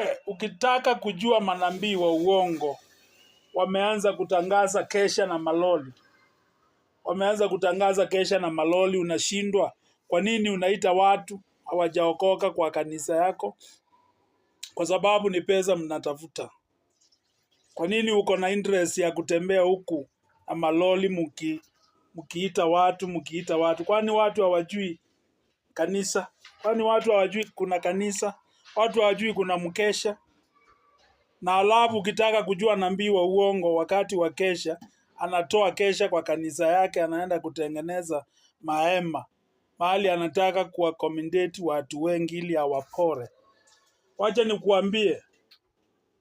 wewe ukitaka kujua manabii wa uongo wameanza kutangaza kesha na maloli, wameanza kutangaza kesha na maloli. Unashindwa kwa nini? Unaita watu hawajaokoka kwa kanisa yako kwa sababu ni pesa mnatafuta. Kwa nini uko na interest ya kutembea huku na maloli, muki mkiita watu mkiita watu? Kwani watu hawajui kanisa? Kwani watu hawajui kuna kanisa? watu hawajui kuna mkesha, na alafu ukitaka kujua nambiwa uongo wakati wa kesha, anatoa kesha kwa kanisa yake, anaenda kutengeneza mahema mahali anataka kuwakomendeti watu wengi ili awapore. Wacha nikuambie,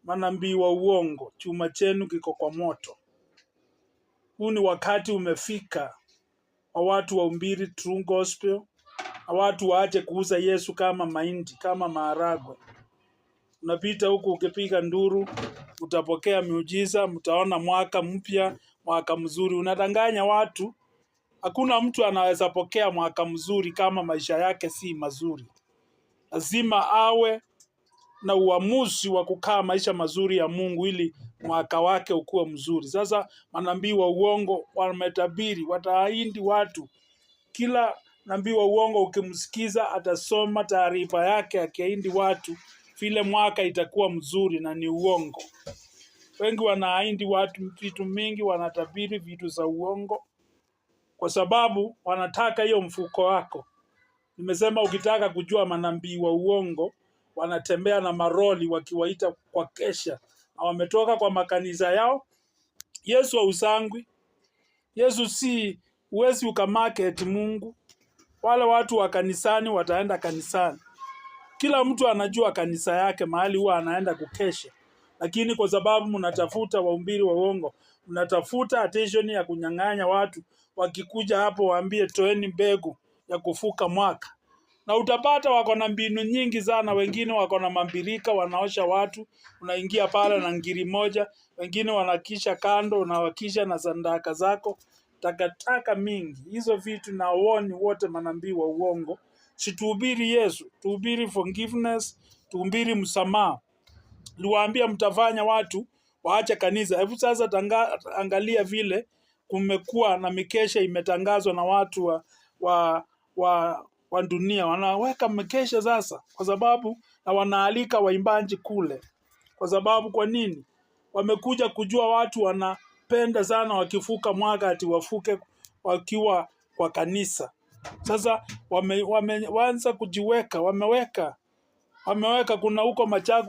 manambii wa uongo, chuma chenu kiko kwa moto. Huu ni wakati umefika wa watu umbiri true gospel watu waache kuuza Yesu kama mahindi, kama maharagwe. Unapita huku ukipiga nduru, utapokea miujiza, mtaona mwaka mpya, mwaka mzuri. Unadanganya watu. Hakuna mtu anaweza pokea mwaka mzuri kama maisha yake si mazuri. Lazima awe na uamuzi wa kukaa maisha mazuri ya Mungu ili mwaka wake ukuwe mzuri. Sasa manabii wa uongo wametabiri, wataahidi watu kila naambiwa uongo ukimsikiza atasoma taarifa yake akiahidi watu vile mwaka itakuwa mzuri na ni uongo wengi wanaahidi watu vitu mingi wanatabiri vitu za uongo kwa sababu wanataka hiyo mfuko wako nimesema ukitaka kujua manabii wa uongo wanatembea na maroli wakiwaita kwa kesha na wametoka kwa makanisa yao yesu hausangwi yesu si uwezi ukamarket mungu wale watu wa kanisani wataenda kanisani. Kila mtu anajua kanisa yake mahali huwa anaenda kukesha, lakini kwa sababu mnatafuta waumbiri wa uongo, mnatafuta attention ya kunyang'anya watu. Wakikuja hapo waambie toeni mbegu ya kufuka mwaka, na utapata wako na mbinu nyingi sana. Wengine wako na mambirika, wanaosha watu, unaingia pale na ngiri moja. Wengine wanakisha kando, unawakisha na sandaka zako takataka mingi, hizo vitu na uoni wote manambii wa uongo. Situhubiri Yesu, tuhubiri forgiveness, tuhubiri msamaha. Liwaambia mtafanya watu waache kanisa. Hebu sasa tanga, angalia vile kumekuwa na mikesha imetangazwa na watu wa, wa, wa, wa dunia wanaweka mikesha sasa, kwa sababu na wanaalika waimbaji kule. Kwa sababu kwa nini? Wamekuja kujua watu wana wanapenda sana wakivuka mwaka ati wafuke wakiwa kwa kanisa. Sasa wameanza kujiweka, wameweka, wameweka kuna huko machagu.